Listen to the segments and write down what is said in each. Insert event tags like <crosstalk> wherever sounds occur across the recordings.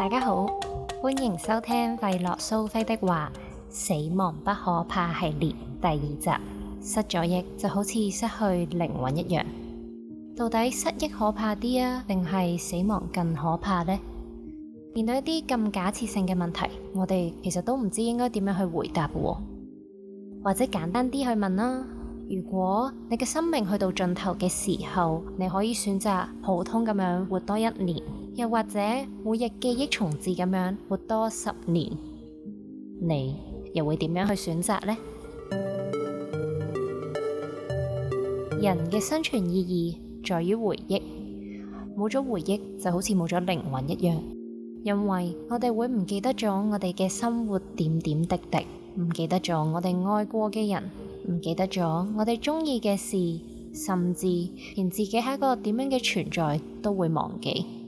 大家好，歡迎收聽費洛蘇菲的話，死亡不可怕系列第二集。失咗憶就好似失去靈魂一樣，到底失憶可怕啲啊，定係死亡更可怕呢？面對一啲咁假設性嘅問題，我哋其實都唔知應該點樣去回答嘅，或者簡單啲去問啦。如果你嘅生命去到盡頭嘅時候，你可以選擇普通咁樣活多一年。又或者每日記憶重置咁樣活多十年，你又會點樣去選擇呢？人嘅生存意義在於回憶，冇咗回憶就好似冇咗靈魂一樣，因為我哋會唔記得咗我哋嘅生活點點滴滴，唔記得咗我哋愛過嘅人，唔記得咗我哋鍾意嘅事，甚至連自己係一個點樣嘅存在都會忘記。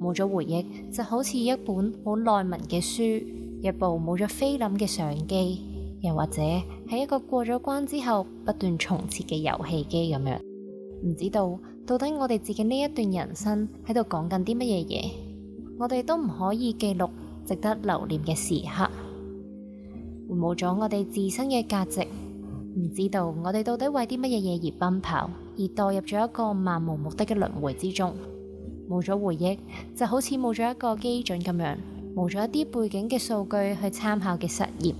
冇咗回憶，就好似一本好耐文嘅書，一部冇咗菲林嘅相機，又或者係一個過咗關之後不斷重設嘅遊戲機咁樣，唔知道到底我哋自己呢一段人生喺度講緊啲乜嘢嘢？我哋都唔可以記錄值得留念嘅時刻，冇咗我哋自身嘅價值，唔知道我哋到底為啲乜嘢嘢而奔跑，而墮入咗一個漫無目的嘅輪迴之中。冇咗回憶，就好似冇咗一個基準咁樣，冇咗一啲背景嘅數據去參考嘅實驗，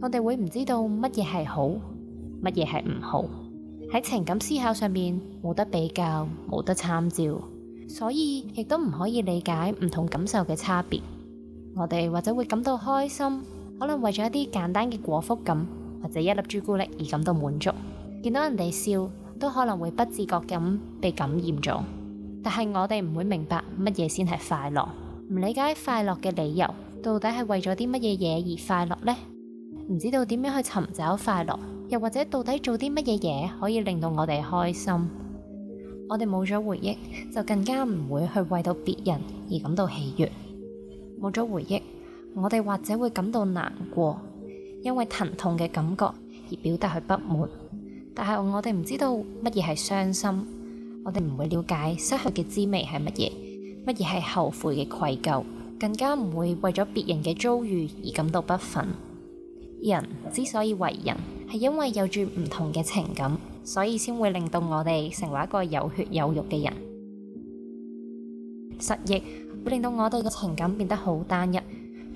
我哋會唔知道乜嘢係好，乜嘢係唔好。喺情感思考上面，冇得比較，冇得參照，所以亦都唔可以理解唔同感受嘅差別。我哋或者會感到開心，可能為咗一啲簡單嘅果腹感或者一粒朱古力而感到滿足，見到人哋笑都可能會不自覺咁被感染咗。但係我哋唔會明白乜嘢先係快樂，唔理解快樂嘅理由，到底係為咗啲乜嘢嘢而快樂呢？唔知道點樣去尋找快樂，又或者到底做啲乜嘢嘢可以令到我哋開心？我哋冇咗回憶，就更加唔會去為到別人而感到喜悅。冇咗回憶，我哋或者會感到難過，因為疼痛嘅感覺而表達佢不滿。但係我哋唔知道乜嘢係傷心。我哋唔會了解失去嘅滋味係乜嘢，乜嘢係後悔嘅愧疚，更加唔會為咗別人嘅遭遇而感到不忿。人之所以為人，係因為有住唔同嘅情感，所以先會令到我哋成為一個有血有肉嘅人。失憶會令到我哋嘅情感變得好單一，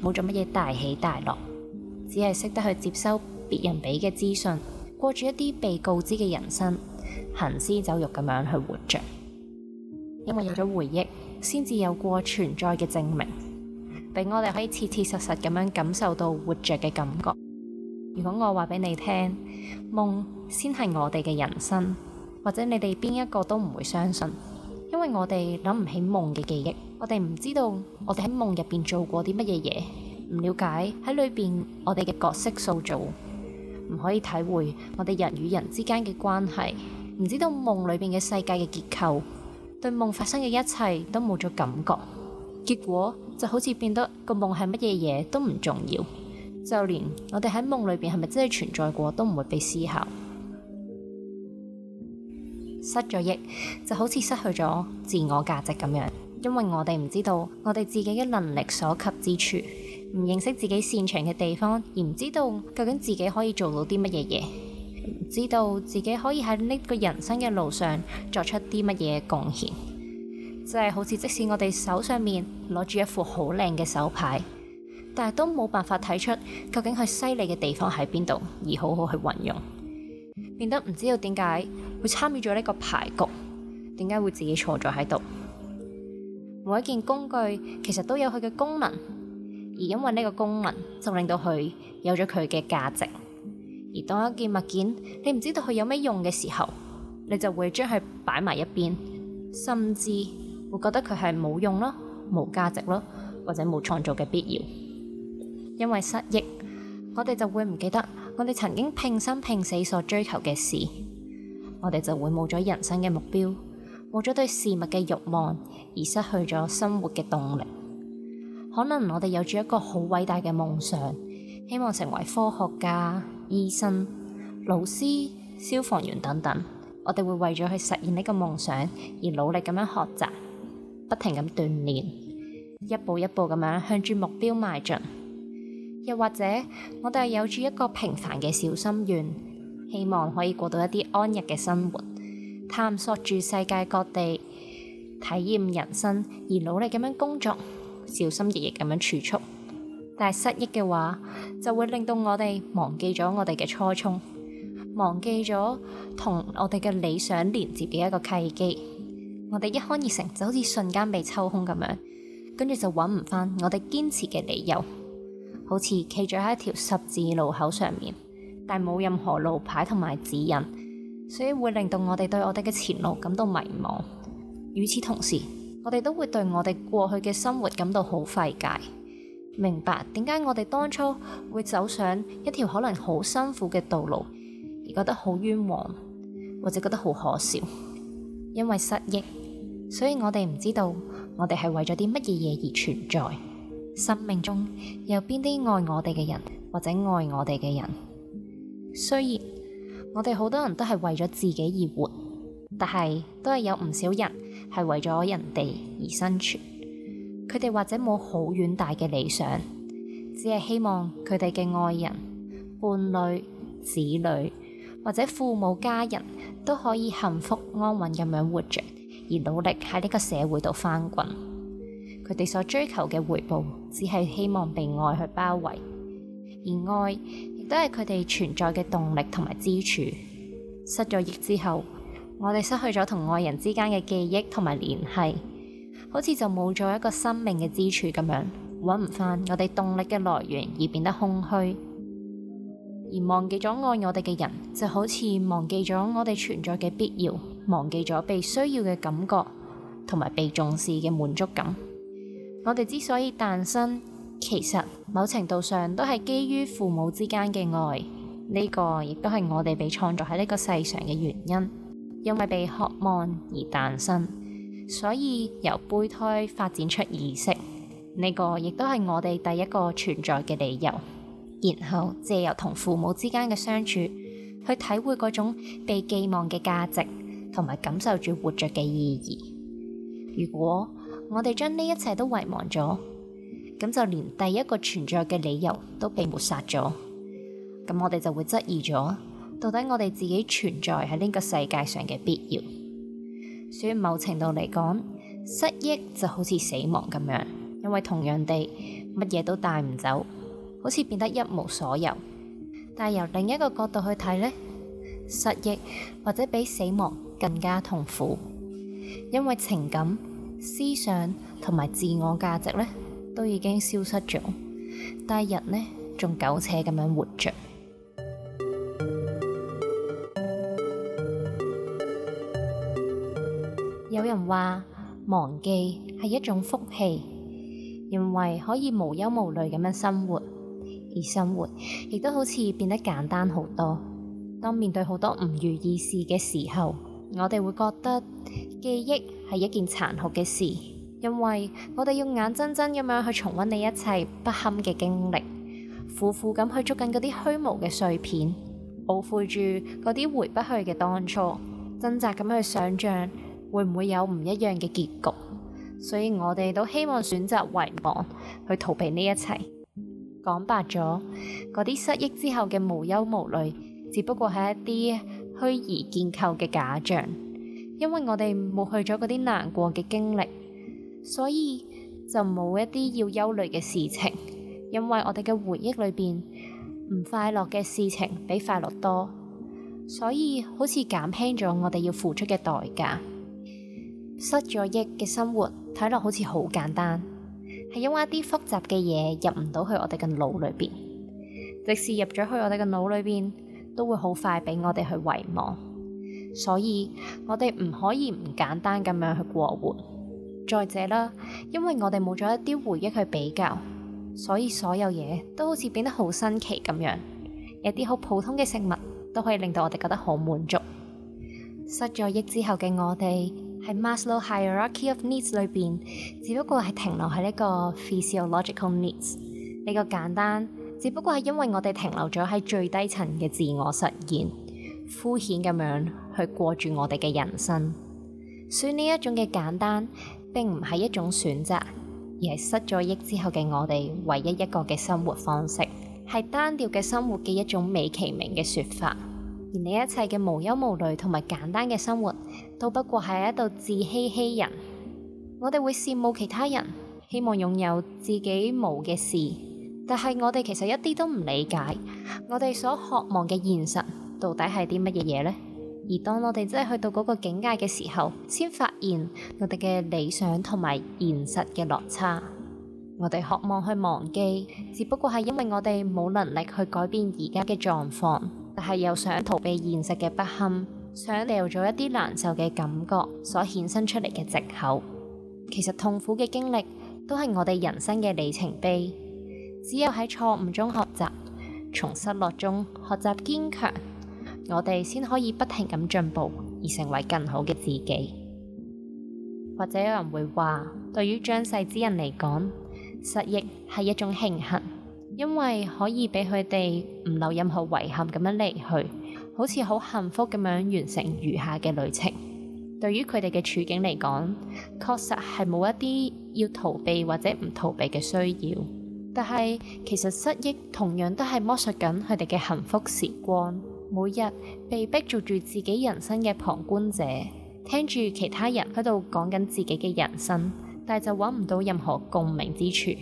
冇咗乜嘢大起大落，只係識得去接收別人俾嘅資訊，過住一啲被告知嘅人生。行屍走肉咁樣去活着，因為有咗回憶，先至有過存在嘅證明，俾我哋可以切切實實咁樣感受到活着嘅感覺。如果我話俾你聽，夢先係我哋嘅人生，或者你哋邊一個都唔會相信，因為我哋諗唔起夢嘅記憶，我哋唔知道我哋喺夢入邊做過啲乜嘢嘢，唔了解喺裏邊我哋嘅角色塑造，唔可以體會我哋人與人之間嘅關係。唔知道夢裏邊嘅世界嘅結構，對夢發生嘅一切都冇咗感覺，結果就好似變得個夢係乜嘢嘢都唔重要，就連我哋喺夢裏邊係咪真係存在過都唔會被思考，失咗憶，就好似失去咗自我價值咁樣，因為我哋唔知道我哋自己嘅能力所及之處，唔認識自己擅長嘅地方，而唔知道究竟自己可以做到啲乜嘢嘢。知道自己可以喺呢個人生嘅路上作出啲乜嘢貢獻，就係好似即使我哋手上面攞住一副好靚嘅手牌，但係都冇辦法睇出究竟佢犀利嘅地方喺邊度，而好好去運用，變得唔知道點解會參與咗呢個牌局，點解會自己坐咗喺度。每一件工具其實都有佢嘅功能，而因為呢個功能就令到佢有咗佢嘅價值。而當一件物件，你唔知道佢有咩用嘅時候，你就會將佢擺埋一邊，甚至會覺得佢係冇用咯、冇價值咯，或者冇創造嘅必要。因為失憶，我哋就會唔記得我哋曾經拼生拼死所追求嘅事，我哋就會冇咗人生嘅目標，冇咗對事物嘅慾望，而失去咗生活嘅動力。可能我哋有住一個好偉大嘅夢想，希望成為科學家。醫生、老師、消防員等等，我哋會為咗去實現呢個夢想而努力咁樣學習，不停咁鍛鍊，一步一步咁樣向住目標邁進。又或者，我哋有住一個平凡嘅小心願，希望可以過到一啲安逸嘅生活，探索住世界各地，體驗人生，而努力咁樣工作，小心翼翼咁樣儲蓄。但係失憶嘅話，就會令到我哋忘記咗我哋嘅初衷，忘記咗同我哋嘅理想連接嘅一個契機。我哋一腔熱誠就好似瞬間被抽空咁樣，跟住就揾唔翻我哋堅持嘅理由，好似企咗喺一條十字路口上面，但冇任何路牌同埋指引，所以會令到我哋對我哋嘅前路感到迷茫。與此同時，我哋都會對我哋過去嘅生活感到好費解。明白點解我哋當初會走上一條可能好辛苦嘅道路，而覺得好冤枉，或者覺得好可笑，因為失憶，所以我哋唔知道我哋係為咗啲乜嘢嘢而存在。生命中有邊啲愛我哋嘅人，或者愛我哋嘅人？雖然我哋好多人都係為咗自己而活，但係都係有唔少人係為咗人哋而生存。佢哋或者冇好遠大嘅理想，只係希望佢哋嘅愛人、伴侶、子女或者父母家人都可以幸福安穩咁樣活著，而努力喺呢個社會度翻滾。佢哋所追求嘅回報，只係希望被愛去包圍，而愛亦都係佢哋存在嘅動力同埋支柱。失咗憶之後，我哋失去咗同愛人之間嘅記憶同埋聯繫。好似就冇咗一個生命嘅支柱咁樣，揾唔翻我哋動力嘅來源，而變得空虛，而忘記咗愛我哋嘅人，就好似忘記咗我哋存在嘅必要，忘記咗被需要嘅感覺，同埋被重視嘅滿足感。我哋之所以誕生，其實某程度上都係基於父母之間嘅愛。呢個亦都係我哋被創造喺呢個世上嘅原因，因為被渴望而誕生。所以由胚胎發展出意識，呢個亦都係我哋第一個存在嘅理由。然後借由同父母之間嘅相處，去體會嗰種被寄望嘅價值，同埋感受住活着嘅意義。如果我哋將呢一切都遺忘咗，咁就連第一個存在嘅理由都被抹殺咗，咁我哋就會質疑咗，到底我哋自己存在喺呢個世界上嘅必要。所以某程度嚟講，失憶就好似死亡咁樣，因為同樣地，乜嘢都帶唔走，好似變得一無所有。但係由另一個角度去睇呢，失憶或者比死亡更加痛苦，因為情感、思想同埋自我價值呢，都已經消失咗，但係人呢，仲苟且咁樣活着。有人話忘記係一種福氣，因為可以無憂無慮咁樣生活而生活，亦都好似變得簡單好多。當面對好多唔如意事嘅時候，我哋會覺得記憶係一件殘酷嘅事，因為我哋要眼睜睜咁樣去重温你一切不堪嘅經歷，苦苦咁去捉緊嗰啲虛無嘅碎片，懊悔住嗰啲回不去嘅當初，掙扎咁去想象，會唔會有唔一樣嘅結局？所以我哋都希望選擇遺忘去逃避呢一切。講白咗，嗰啲失憶之後嘅無憂無慮，只不過係一啲虛擬建構嘅假象。因為我哋冇去咗嗰啲難過嘅經歷，所以就冇一啲要憂慮嘅事情。因為我哋嘅回憶裏邊唔快樂嘅事情比快樂多，所以好似減輕咗我哋要付出嘅代價。失咗憶嘅生活睇落好似好簡單，係因為一啲複雜嘅嘢入唔到去我哋嘅腦裏邊。即使入咗去我哋嘅腦裏邊，都會好快俾我哋去遺忘。所以我哋唔可以唔簡單咁樣去過活。再者啦，因為我哋冇咗一啲回憶去比較，所以所有嘢都好似變得好新奇咁樣。有啲好普通嘅食物都可以令到我哋覺得好滿足。失咗憶之後嘅我哋。喺 Maslow hierarchy of needs 裏邊，只不過係停留喺呢個 physiological needs 比較、呢個、簡單，只不過係因為我哋停留咗喺最低層嘅自我實現，敷衍咁樣去過住我哋嘅人生，所以呢一種嘅簡單並唔係一種選擇，而係失咗憶之後嘅我哋唯一一個嘅生活方式，係單調嘅生活嘅一種美其名嘅説法。而呢一切嘅無憂無慮同埋簡單嘅生活，都不過係喺度自欺欺人。我哋會羨慕其他人，希望擁有自己冇嘅事，但係我哋其實一啲都唔理解我哋所渴望嘅現實到底係啲乜嘢嘢呢？而當我哋真係去到嗰個境界嘅時候，先發現我哋嘅理想同埋現實嘅落差。我哋渴望去忘記，只不過係因為我哋冇能力去改變而家嘅狀況。但係又想逃避現實嘅不堪，想掉咗一啲難受嘅感覺所衍生出嚟嘅藉口。其實痛苦嘅經歷都係我哋人生嘅里程碑。只有喺錯誤中學習，從失落中學習堅強，我哋先可以不停咁進步，而成為更好嘅自己。或者有人會話，對於將世之人嚟講，失憶係一種慶幸。因為可以俾佢哋唔留任何遺憾咁樣離去，好似好幸福咁樣完成餘下嘅旅程。對於佢哋嘅處境嚟講，確實係冇一啲要逃避或者唔逃避嘅需要。但係其實失憶同樣都係剝削緊佢哋嘅幸福時光，每日被逼做住自己人生嘅旁觀者，聽住其他人喺度講緊自己嘅人生，但係就揾唔到任何共鳴之處。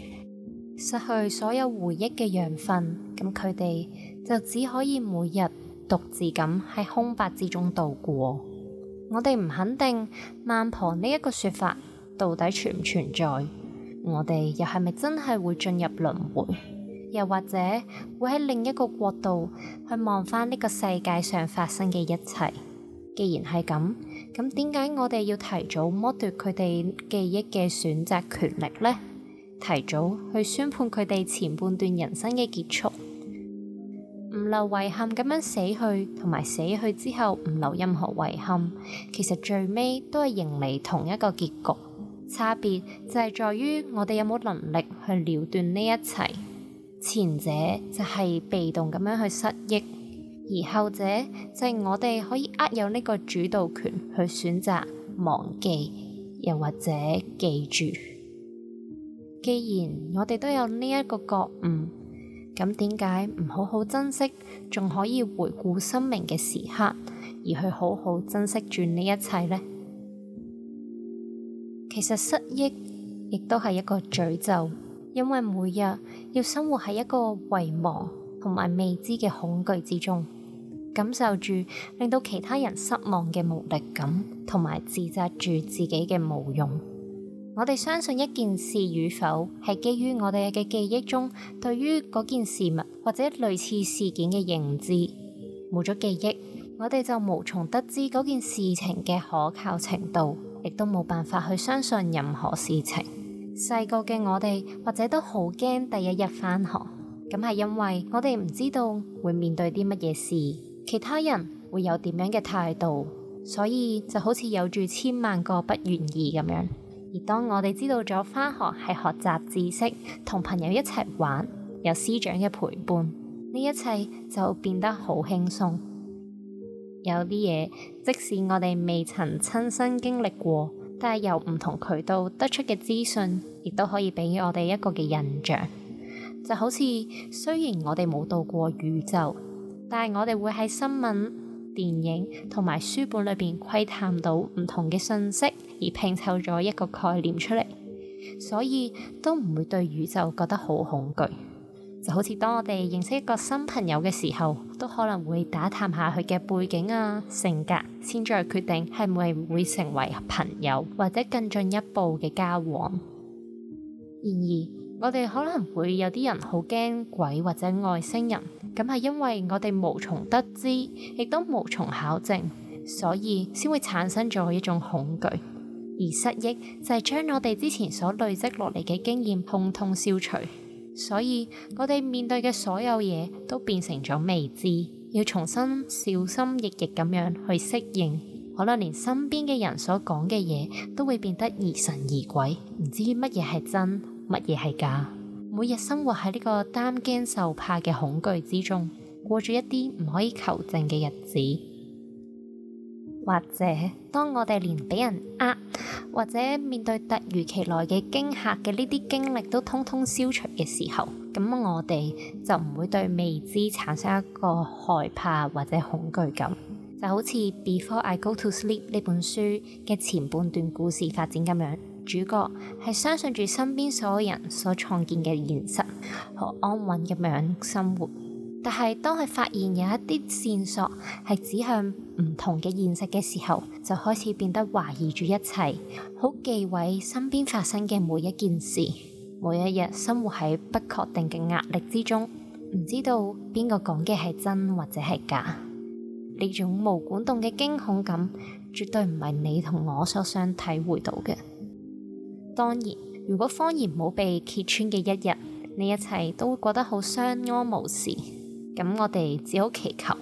失去所有回憶嘅養分，咁佢哋就只可以每日獨自咁喺空白之中度過。我哋唔肯定孟婆呢一個說法到底存唔存在，我哋又係咪真係會進入輪迴，又或者會喺另一個國度去望返呢個世界上發生嘅一切？既然係咁，咁點解我哋要提早剝奪佢哋記憶嘅選擇權力咧？提早去宣判佢哋前半段人生嘅結束，唔留遺憾咁樣死去，同埋死去之後唔留任何遺憾。其實最尾都係迎嚟同一個結局，差別就係在於我哋有冇能力去了斷呢一切。前者就係被動咁樣去失憶，而後者就係我哋可以握有呢個主導權去選擇忘記，又或者記住。既然我哋都有呢一個覺悟，咁點解唔好好珍惜，仲可以回顧生命嘅時刻，而去好好珍惜住呢一切呢？其實失憶亦都係一個詛咒，因為每日要生活喺一個遺忘同埋未知嘅恐懼之中，感受住令到其他人失望嘅無力感，同埋自責住自己嘅無用。我哋相信一件事與否，係基於我哋嘅記憶中對於嗰件事物或者類似事件嘅認知。冇咗記憶，我哋就無從得知嗰件事情嘅可靠程度，亦都冇辦法去相信任何事情。細個嘅我哋或者都好驚第一日返學，咁係因為我哋唔知道會面對啲乜嘢事，其他人會有點樣嘅態度，所以就好似有住千萬個不願意咁樣。而當我哋知道咗返學係學習知識，同朋友一齊玩，有師長嘅陪伴，呢一切就變得好輕鬆。有啲嘢，即使我哋未曾親身經歷過，但係由唔同渠道得出嘅資訊，亦都可以俾我哋一個嘅印象。就好似雖然我哋冇到過宇宙，但係我哋會喺新聞。電影同埋書本裏邊窺探到唔同嘅信息，而拼湊咗一個概念出嚟，所以都唔會對宇宙覺得好恐懼。就好似當我哋認識一個新朋友嘅時候，都可能會打探下佢嘅背景啊、性格，先再決定係唔係會成為朋友或者更進一步嘅交往。然而，我哋可能會有啲人好驚鬼或者外星人，咁係因為我哋無從得知，亦都無從考證，所以先會產生咗一種恐懼。而失憶就係將我哋之前所累積落嚟嘅經驗通通消除，所以我哋面對嘅所有嘢都變成咗未知，要重新小心翼翼咁樣去適應。可能連身邊嘅人所講嘅嘢都會變得疑神疑鬼，唔知乜嘢係真。乜嘢係噶？每日生活喺呢個擔驚受怕嘅恐懼之中，過住一啲唔可以求證嘅日子，或者當我哋連俾人呃、啊，或者面對突如其來嘅驚嚇嘅呢啲經歷都通通消除嘅時候，咁我哋就唔會對未知產生一個害怕或者恐懼感，就好似《Before I Go to Sleep》呢本書嘅前半段故事發展咁樣。主角係相信住身邊所有人所創建嘅現實，好安穩咁樣生活。但係當佢發現有一啲線索係指向唔同嘅現實嘅時候，就開始變得懷疑住一切，好忌諱身邊發生嘅每一件事，每一日生活喺不確定嘅壓力之中，唔知道邊個講嘅係真或者係假。呢種無管動嘅驚恐感，絕對唔係你同我所想體會到嘅。當然，如果謊言冇被揭穿嘅一日，呢一切都會過得好相安無事。咁我哋只好祈求，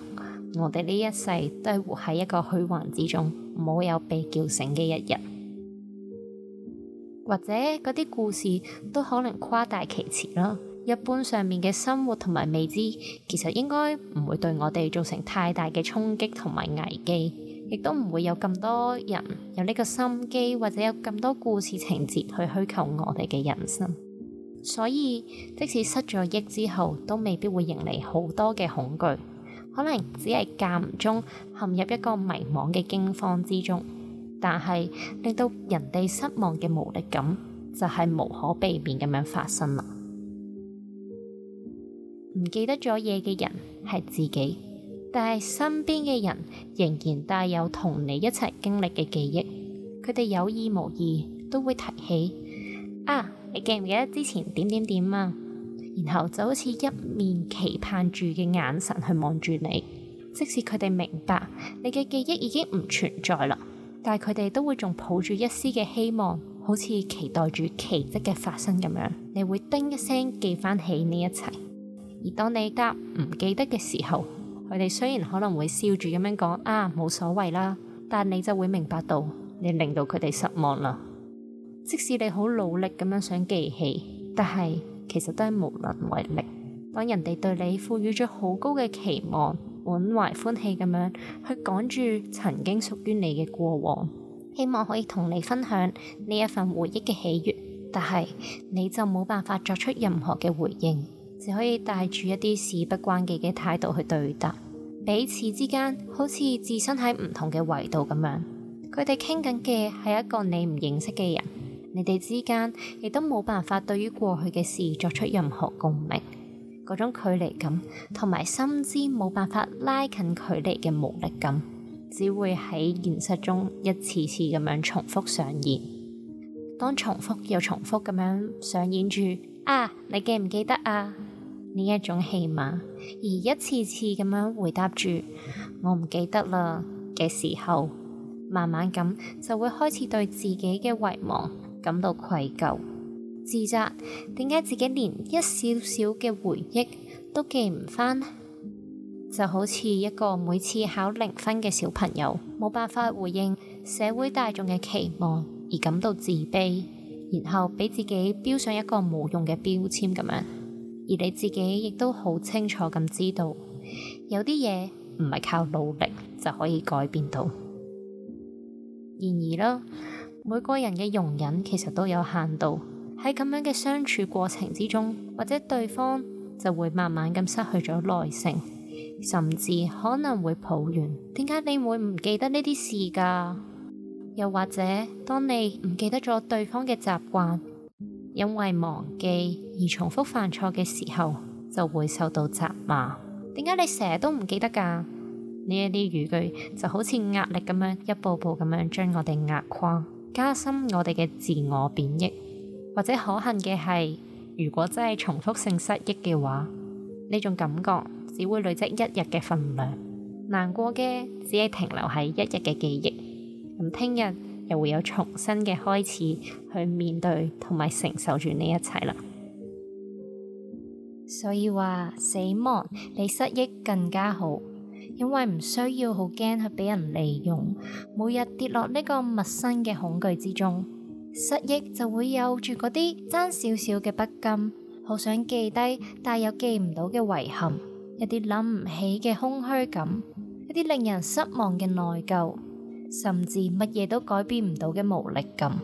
我哋呢一世都係活喺一個虛幻之中，唔好有被叫醒嘅一日。或者嗰啲故事都可能誇大其詞啦。一般上面嘅生活同埋未知，其實應該唔會對我哋造成太大嘅衝擊同埋危機。亦都唔會有咁多人有呢個心機，或者有咁多故事情節去虛構我哋嘅人生。所以即使失咗憶之後，都未必會迎嚟好多嘅恐懼，可能只係間唔中陷入一個迷茫嘅驚慌之中，但係令到人哋失望嘅無力感就係、是、無可避免咁樣發生啦。唔記得咗嘢嘅人係自己。但係身邊嘅人仍然帶有同你一齊經歷嘅記憶，佢哋有意無意都會提起啊。你記唔記得之前點點點啊？然後就好似一面期盼住嘅眼神去望住你，即使佢哋明白你嘅記憶已經唔存在啦，但係佢哋都會仲抱住一絲嘅希望，好似期待住奇跡嘅發生咁樣。你會叮一聲記翻起呢一切，而當你答唔記得嘅時候。佢哋雖然可能會笑住咁樣講啊，冇所謂啦，但你就會明白到你令到佢哋失望啦。即使你好努力咁樣想記起，但係其實都係無能為力。當人哋對你賦予咗好高嘅期望，滿懷歡喜咁樣去講住曾經屬於你嘅過往，希望可以同你分享呢一份回憶嘅喜悅，但係你就冇辦法作出任何嘅回應。只可以帶住一啲事不關己嘅態度去對答。彼此之間好似置身喺唔同嘅維度咁樣。佢哋傾緊嘅係一個你唔認識嘅人，你哋之間亦都冇辦法對於過去嘅事作出任何共鳴。嗰種距離感同埋深知冇辦法拉近距離嘅無力感，只會喺現實中一次次咁樣重複上演。當重複又重複咁樣上演住，啊，你記唔記得啊？呢一種戲碼，而一次次咁樣回答住我唔記得啦嘅時候，慢慢咁就會開始對自己嘅遺忘感到愧疚、自責，點解自己連一少少嘅回憶都記唔返？就好似一個每次考零分嘅小朋友，冇辦法回應社會大眾嘅期望，而感到自卑，然後俾自己標上一個冇用嘅標籤咁樣。而你自己亦都好清楚咁知道，有啲嘢唔係靠努力就可以改變到。然而啦，每個人嘅容忍其實都有限度。喺咁樣嘅相處過程之中，或者對方就會慢慢咁失去咗耐性，甚至可能會抱怨：點解你會唔記得呢啲事㗎？又或者當你唔記得咗對方嘅習慣，因為忘記。而重複犯錯嘅時候就會受到責罵，點解你成日都唔記得㗎？呢一啲語句就好似壓力咁樣，一步步咁樣將我哋壓垮，加深我哋嘅自我貶抑，或者可恨嘅係，如果真係重複性失憶嘅話，呢種感覺只會累積一日嘅份量，難過嘅只係停留喺一日嘅記憶，咁聽日又會有重新嘅開始去面對同埋承受住呢一切啦。所以話死亡比失憶更加好，因為唔需要好驚去俾人利用，每日跌落呢個陌生嘅恐懼之中。失憶就會有住嗰啲爭少少嘅不甘，好想記低，但又記唔到嘅遺憾，一啲諗唔起嘅空虛感，一啲令人失望嘅內疚，甚至乜嘢都改變唔到嘅無力感。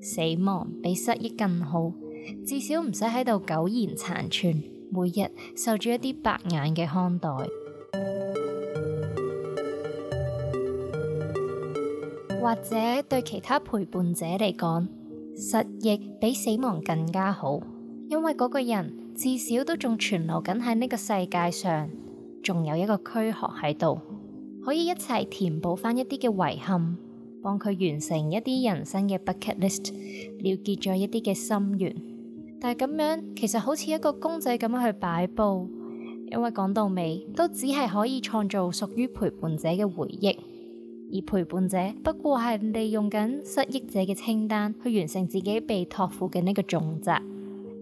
死亡比失憶更好。至少唔使喺度苟延殘存，每日受住一啲白眼嘅看待，或者對其他陪伴者嚟講，失憶比死亡更加好，因為嗰個人至少都仲存留緊喺呢個世界上，仲有一個軀殼喺度，可以一齊填補返一啲嘅遺憾，幫佢完成一啲人生嘅 bucket list，了結咗一啲嘅心願。但係咁樣，其實好似一個公仔咁樣去擺佈，因為講到尾都只係可以創造屬於陪伴者嘅回憶，而陪伴者不過係利用緊失憶者嘅清單去完成自己被託付嘅呢個重責。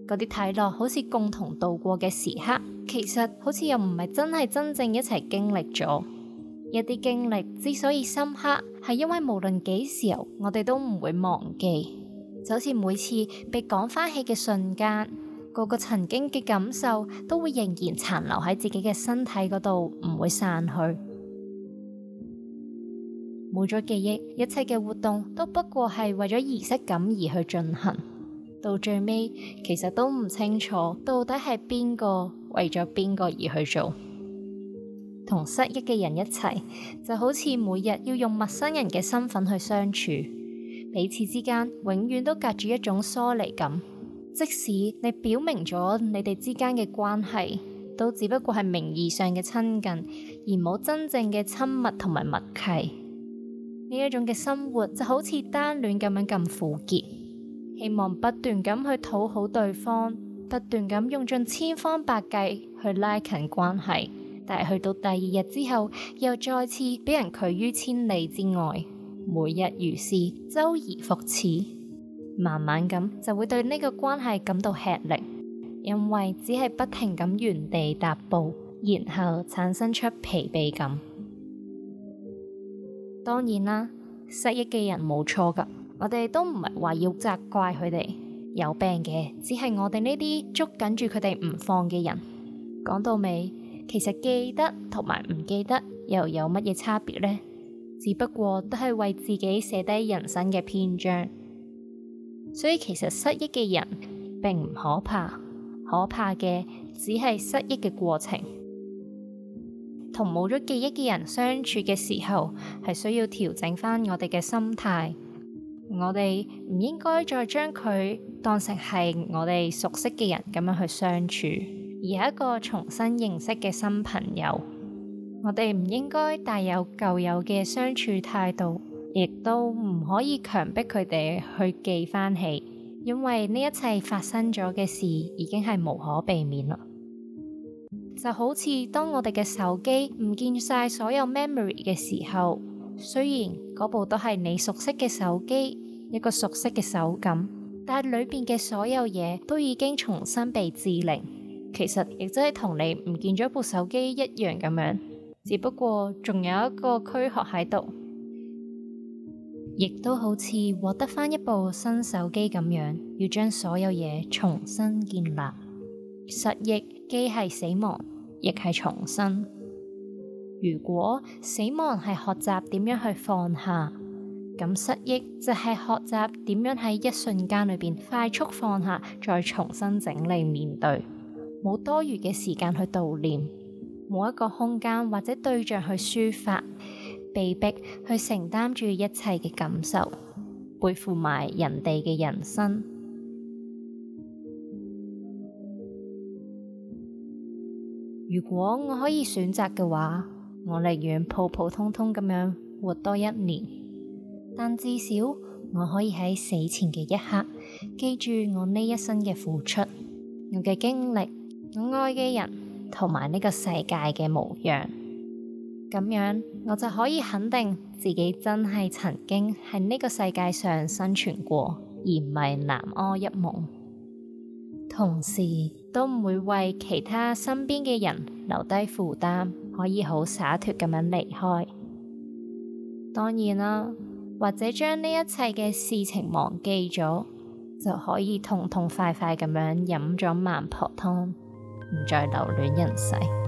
嗰啲睇落，好似共同度過嘅時刻，其實好似又唔係真係真正一齊經歷咗。一啲經歷之所以深刻，係因為無論幾時我哋都唔會忘記。就好似每次被講返起嘅瞬間，個個曾經嘅感受都會仍然殘留喺自己嘅身體嗰度，唔會散去。冇咗記憶，一切嘅活動都不過係為咗儀式感而去進行，到最尾其實都唔清楚到底係邊個為咗邊個而去做。同失憶嘅人一齊，就好似每日要用陌生人嘅身份去相處。彼此之間永遠都隔住一種疏離感，即使你表明咗你哋之間嘅關係，都只不過係名義上嘅親近，而冇真正嘅親密同埋默契。呢一種嘅生活就好似單戀咁樣咁苦澀，希望不斷咁去討好對方，不斷咁用盡千方百計去拉近關係，但係去到第二日之後，又再次俾人拒於千里之外。每日如是，周而復始，慢慢咁就會對呢個關係感到吃力，因為只係不停咁原地踏步，然後產生出疲憊感。當然啦，失憶嘅人冇錯㗎，我哋都唔係話要責怪佢哋，有病嘅，只係我哋呢啲捉緊住佢哋唔放嘅人。講到尾，其實記得同埋唔記得又有乜嘢差別呢？只不過都係為自己寫低人生嘅篇章，所以其實失憶嘅人並唔可怕，可怕嘅只係失憶嘅過程。同冇咗記憶嘅人相處嘅時候，係需要調整翻我哋嘅心態，我哋唔應該再將佢當成係我哋熟悉嘅人咁樣去相處，而係一個重新認識嘅新朋友。我哋唔應該帶有舊有嘅相處態度，亦都唔可以強迫佢哋去記翻起，因為呢一切發生咗嘅事已經係無可避免啦。 <noise> 就好似當我哋嘅手機唔見晒所有 memory 嘅時候，雖然嗰部都係你熟悉嘅手機，一個熟悉嘅手感，但係裏邊嘅所有嘢都已經重新被置零，其實亦即係同你唔見咗部手機一樣咁樣。只不過仲有一個軀殼喺度，亦都好似獲得返一部新手機咁樣，要將所有嘢重新建立。失憶既係死亡，亦係重生。如果死亡係學習點樣去放下，咁失憶就係學習點樣喺一瞬間裏邊快速放下，再重新整理面對，冇多餘嘅時間去悼念。冇一個空間或者對象去抒發，被逼去承擔住一切嘅感受，背負埋人哋嘅人生。 <noise> 如果我可以選擇嘅話，我寧願普普通通咁樣活多一年，但至少我可以喺死前嘅一刻記住我呢一生嘅付出、我嘅經歷、我愛嘅人。同埋呢個世界嘅模樣，咁樣我就可以肯定自己真係曾經喺呢個世界上生存過，而唔係南柯一夢。同時都唔會為其他身邊嘅人留低負擔，可以好灑脫咁樣離開。當然啦，或者將呢一切嘅事情忘記咗，就可以痛痛快快咁樣飲咗孟婆湯。唔再留戀人世。